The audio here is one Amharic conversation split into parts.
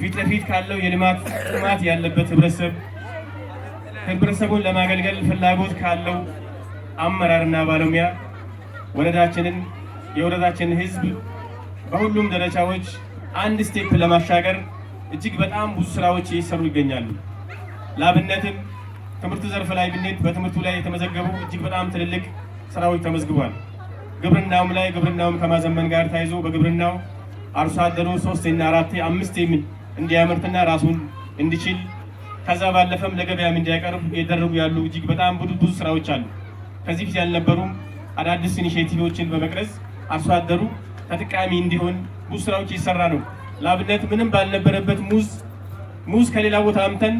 ፊት ለፊት ካለው የልማት ጥማት ያለበት ህብረተሰብ ህብረተሰቡን ለማገልገል ፍላጎት ካለው አመራርና ባለሙያ ወረዳችንን የወረዳችንን ህዝብ በሁሉም ደረጃዎች አንድ ስቴፕ ለማሻገር እጅግ በጣም ብዙ ስራዎች እየሰሩ ይገኛሉ። ላብነትም ትምህርት ዘርፍ ላይ ብንሄድ በትምህርቱ ላይ የተመዘገቡ እጅግ በጣም ትልልቅ ስራዎች ተመዝግቧል። ግብርናውም ላይ ግብርናውም ከማዘመን ጋር ተያይዞ በግብርናው አርሶ አደሩ ሶስት እና አራት አምስት እንዲያመርትና ራሱን እንዲችል ከዛ ባለፈም ለገበያም እንዲያቀርብ እየደረጉ ያሉ እጅግ በጣም ብዙ ብዙ ስራዎች አሉ። ከዚህ ፊት ያልነበሩም አዳዲስ ኢኒሽቲቭዎችን በመቅረጽ አርሶ አደሩ ተጠቃሚ እንዲሆን ብዙ ስራዎች እየሰራ ነው። ለአብነት ምንም ባልነበረበት ሙዝ ሙዝ ከሌላ ቦታ አምተን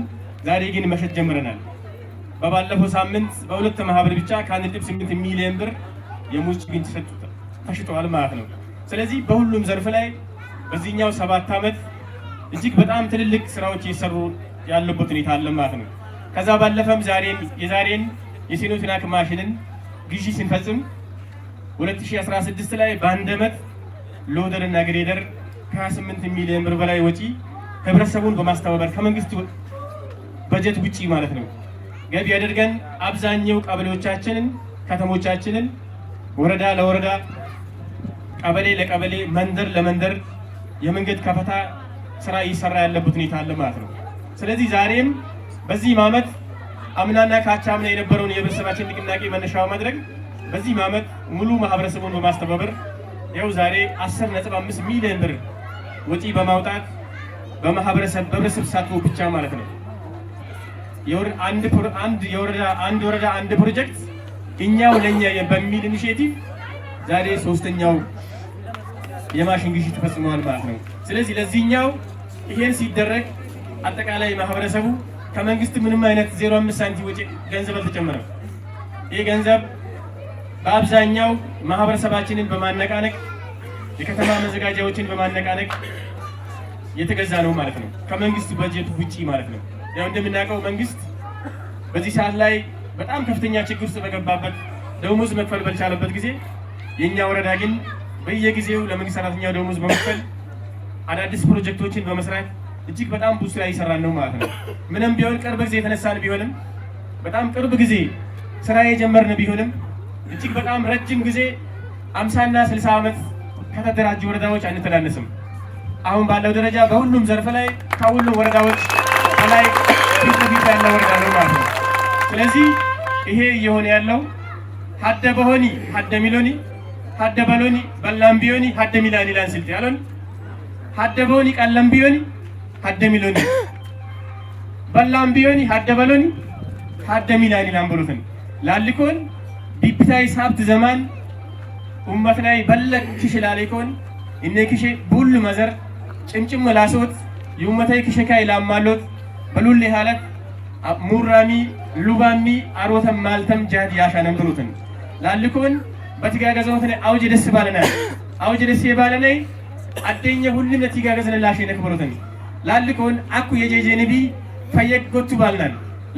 ዛሬ ግን መሸጥ ጀምረናል። በባለፈው ሳምንት በሁለት ማህበር ብቻ ከአንድ 18 ሚሊዮን ብር የሙዝ ችግኝ ተሸጥቷል ማለት ነው። ስለዚህ በሁሉም ዘርፍ ላይ በዚህኛው ሰባት ዓመት እጅግ በጣም ትልልቅ ስራዎች እየሰሩ ያሉበት ሁኔታ አለ ማለት ነው። ከዛ ባለፈም ዛሬም የዛሬን የሲኖትራክ ማሽንን ግዢ ስንፈጽም 2016 ላይ በአንድ ዓመት ሎደር እና ግሬደር ከ28 ሚሊዮን ብር በላይ ወጪ ህብረተሰቡን በማስተባበር ከመንግስት በጀት ውጪ ማለት ነው ገቢ አድርገን አብዛኛው ቀበሌዎቻችንን፣ ከተሞቻችንን ወረዳ ለወረዳ ቀበሌ ለቀበሌ መንደር ለመንደር የመንገድ ከፈታ ስራ እየሰራ ያለበት ሁኔታ አለ ማለት ነው። ስለዚህ ዛሬም በዚህም ዓመት አምናና ካቻ አምና የነበረውን የህብረተሰባችን ንቅናቄ መነሻ ማድረግ በዚህም ዓመት ሙሉ ማህበረሰቡን በማስተባበር ያው ዛሬ 10.5 ሚሊዮን ብር ወጪ በማውጣት በማህበረሰብ በህብረተሰብ ተሳትፎ ብቻ ማለት ነው አንድ የወረዳ አንድ ወረዳ አንድ ፕሮጀክት እኛው ለኛ በሚል ኢኒሼቲቭ ዛሬ ሶስተኛው የማሽን ግዢ ተፈጽመዋል ማለት ነው። ስለዚህ ለዚህኛው ይሄን ሲደረግ አጠቃላይ ማህበረሰቡ ከመንግስት ምንም አይነት ዜሮ አምስት ሳንቲ ወጪ ገንዘብ አልተጨመረም። ይህ ገንዘብ በአብዛኛው ማህበረሰባችንን በማነቃነቅ የከተማ መዘጋጃዎችን በማነቃነቅ የተገዛ ነው ማለት ነው። ከመንግስት በጀት ውጪ ማለት ነው። ያው እንደምናውቀው መንግስት በዚህ ሰዓት ላይ በጣም ከፍተኛ ችግር ውስጥ በገባበት ደሞዝ መክፈል ባልቻለበት ጊዜ የእኛ ወረዳ ግን በየጊዜው ለመንግስት ሰራተኛ ደሞዝ በመክፈል አዳዲስ ፕሮጀክቶችን በመስራት እጅግ በጣም ብዙ ስራ ይሰራል ነው ማለት ነው። ምንም ቢሆን ቅርብ ጊዜ የተነሳን ቢሆንም በጣም ቅርብ ጊዜ ስራ የጀመርን ቢሆንም እጅግ በጣም ረጅም ጊዜ አምሳና ስልሳ ዓመት ከተደራጁ ወረዳዎች አንተናነስም። አሁን ባለው ደረጃ በሁሉም ዘርፍ ላይ ከሁሉም ወረዳዎች በላይ ፊት ለፊት ያለ ወረዳ ነው ማለት ነው። ስለዚህ ይሄ እየሆነ ያለው ሀደ በሆኒ ሀደ ሚሎኒ ሀደ በሎኒ በላምቢዮኒ ሀደ ሚላኒ ላንስልት ያለን ሀደ በሎኒ ቀለምቢዮኒ ሀደ ሚሎኒ በላምቢዮኒ ሀደ በሎኒ ሀደ ሚላኒ ላንብሩትን ላልኮን ቢብታይ ሳብት ዘማን ኡመት ናይ በለቅ ክሽ ላሌኮን እኔ ክሽ ቡሉ መዘር ጭምጭም ላሶት የኡመታይ ክሸካይ ላማሎት በሉሌ ሀለት ሙራሚ ሉባሚ አሮተም ማልተም ጃድ ያሻ ነንብሩትን ላልኮን በትጋገዘውት አውጅ ደስ ባለና አውጅ ደስ የባለነይ አደኘ ሁሉም ለትጋገዘ ለላሽ ነክብሩትን ላልኮን አኩ የጄጄ ነቢ ፈየክ ጎቱ ባልናል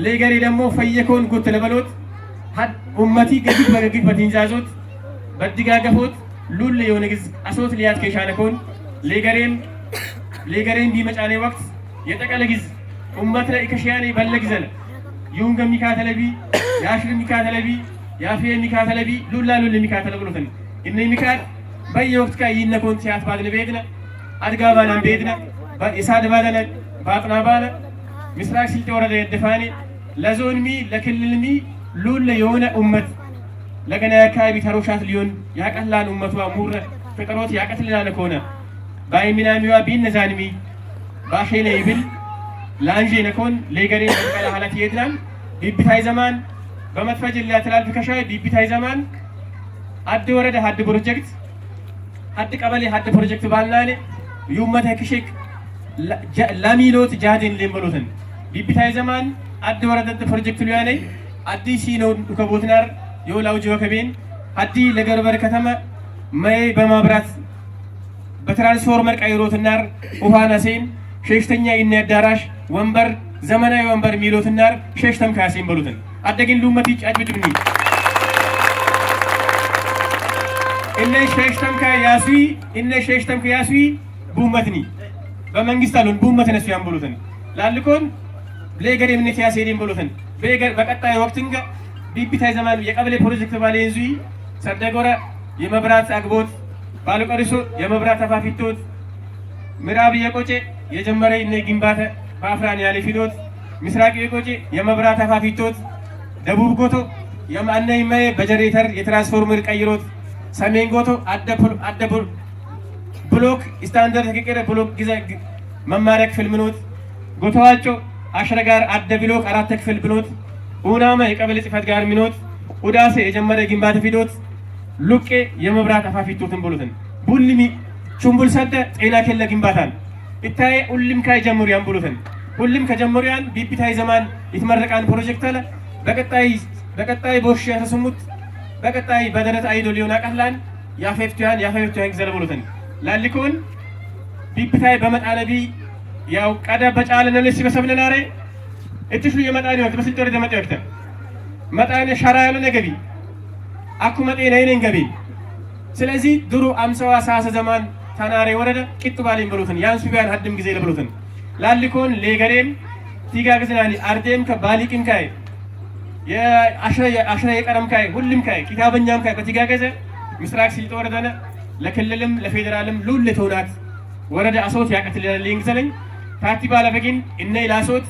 ለገሪ ደግሞ ፈየኮን ጎት ለበሎት ሀድ ኡመቲ ገግግ በገግግ በትንዛዞት በድጋገፎት ሉል የሆነ ግዝ አሶት ሊያት ከሻነኮን ለገሬም ለገሬም ቢመጫኔ ወቅት የጠቀለ ግዝ ኡመት ላይ ከሻኔ በለግዘለ ይሁን ገሚካ ተለቢ ያሽር ያፊ የሚካተለ ቢ ሉላ ሉል የሚካተለ ብሎ ተን እነ የሚካት በየወቅት ካ ይነ ኮንት ያት ቤድነ አድጋ ባላን ቤድነ ኢሳድ ባደነ ባጥና ባለ ምስራቅ ስልጤ ወረዳ የደፋኔ ለዞን ሚ ለክልል ሚ ሉል የሆነ ኡመት ለገና የአካባቢ ተሮሻት ሊሆን ያቀላል ኡመቷ ሙረ ፍጥሮት ያቀትልናለ ከሆነ ባይሚናሚዋ ቢነዛንሚ ባሼነ ይብል ላንዤ ነኮን ሌገሬ ቀላ ሀላት ይሄድናል ቢብታይ ዘማን በመትፈጅ ላትላል ፍከሻ ቢቢታይ ዘማን አድ ወረደ ሀድ ፕሮጀክት አድ ቀበሌ ሀድ ፕሮጀክት ባልናኔ ዩመተ ክሽክ ለሚሎት ጃድን ሌምሎትን ቢቢታይ ዘማን አድ ወረደ ፕሮጀክት ሉያኔ አዲ ሲነው ከቦትናር የውላውጅ ወከቤን አዲ ለገርበር ከተማ መይ በማብራት በትራንስፎርመር ቀይሮትናር ውሃና ሴን ሸሽተኛ ይነ አዳራሽ ወንበር ዘመናዊ ወንበር ሚሎትናር ሸሽተም ካሴን በሉትን addagin lummati caajbidubni inne sheeshtam ከያስዊ inne sheeshtam ከያስዊ ቡመትኒ በመንግስት አሉን ቡመት ነሱ ያን ብሉትን ላልኮን ብሌገር የምነት ያሴዴን ብሉትን ብሌገር በቀጣይ ወቅትን ቢቢታ ዘማን የቀበሌ ፕሮጀክት ባለ እንዙ ሰደጎረ የመብራት አግቦት ባለቀሪሶ የመብራት አፋፊቶት ምዕራብ የቆጨ የጀመረ እነ ግንባታ በአፍራን ያለ ፊዶት ምስራቅ የቆጨ የመብራት አፋፊቶት ደቡብ ጎቶ የማነ ይማየ በጀኔሬተር የትራንስፎርመር ቀይሮት፣ ሰሜን ጎቶ አደ ብሎክ ስታንዳርድ ከቀረ ብሎክ ጊዜ መማሪያ ክፍል ምኖት ጎቶዋጮ አሽረጋር አደ ብሎክ አራት ክፍል ብኖት ኡናማ የቀበሌ ጽፈት ጋር ምኖት ኡዳሴ የጀመረ ግንባታ ፊዶት ሉቄ የመብራት አፋፊቶትን ብሎትን ቡልሚ ቹምቡል ሰደ ጤና ኬለ ግንባታን እታዬ ሁሉም ካይ ጀምሩ ያን ብሎትን ሁሉም ከጀመሩ ያን ቢፒታይ ዘማን ይትመረቃን ፕሮጀክት አለ በቀጣይ በቀጣይ ቦሽ ያተሰሙት በቀጣይ በደረት አይዶ ሊሆን አቀላን ያፈፍቷን ያፈፍቷን ግዘለ ብሎትን ላሊኩን ቢብታይ በመጣለቢ ያው ቀደ በጫለ ለሲ በሰብነ ናሬ እትሹ የመጣኒ ወጥ በስልጠረ ደመጣ ወጥ መጣኒ ሸራ ያለ ነገቢ አኩ መጤ ነይነን ገቢ ስለዚህ ድሩ አምሰዋ ሳሰ ዘማን ተናሬ ወረደ ቂጥ ባሊን ብሎትን ያንሱ ቢያን ሀድም ጊዜ ለብሎትን ላልኩን ሌገሬም ቲጋ ግዝናኒ አርዴም ከባሊቅን ካይ የአሽረ የቀረም ካይ ሁሉም ካይ ኪታበኛም ካይ ገዘ ምስራቅ ሲልጦ ወረዳነ ለክልልም ለፌዴራልም ሉል ተውናት ወረደ አሶት ያቀትልናል ይንግዘለኝ ታቲ ባለፈግን እነ ላሶት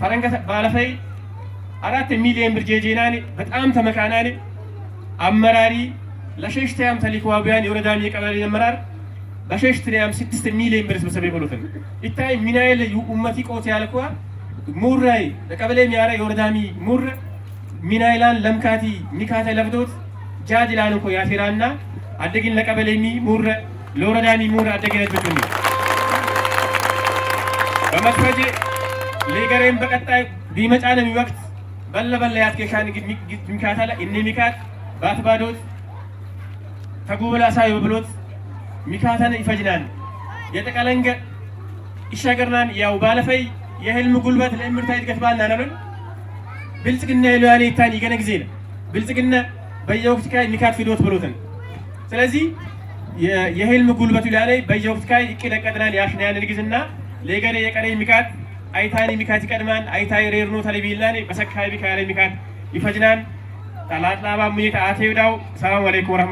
ፈረንገ ባለፈይ አራት ሚሊዮን ብር ጄጄናኒ በጣም ተመካናኒ አመራሪ ለሸሽተያም ተሊኳቢያን የወረዳን የቀበሌ አመራር በሸሽተያም 6 ሚሊዮን ብር ስብሰባ ይበሉትን ኢታይ ሚናይል ኡመቲ ቆት ያልኳ ሙራይ ለቀበሌ ሚያረ ዮርዳሚ ሙር ሚናይላን ለምካቲ ሚካተ ለብዶት ጃዲላን እኮ ያሴራና አደግን ለቀበሌ ሚ ሙረ ለወረዳሚ ሙር አደግነት ብትኒ በመስፈጀ ሌገሬን በቀጣይ ቢመጫነሚ ወቅት በለ በለ ግድ ሚካታለ እነ ሚካት ባትባዶት ተጉብላ ተጉበላሳዩ ብሎት ሚካተን ይፈጅናን የተቀለንገ ይሻገርናን ያው ባለፈይ የህልም ጉልበት ለእምርታ ይድገት ባልና ነብን ብልጽግና የሎያሌ ይታን ይገነ ጊዜ ነው ብልጽግና በየወቅት ካይ ሚካት ፊዶት ብሎትን ስለዚህ የህልም ጉልበቱ ላይ በየወቅት ካይ ይቀደቀድናል ያሽና ያለ ግዝና የቀረ ሚካት አይታኒ ሚካት ይቀድማን አይታይ ሬርኖ ተለቢላኔ በሰካይ ሚካት ያለ ሚካት ይፈጅናን ታላላባ ሙይታ አቴውዳው ሰላም አለይኩም ወራህመቱ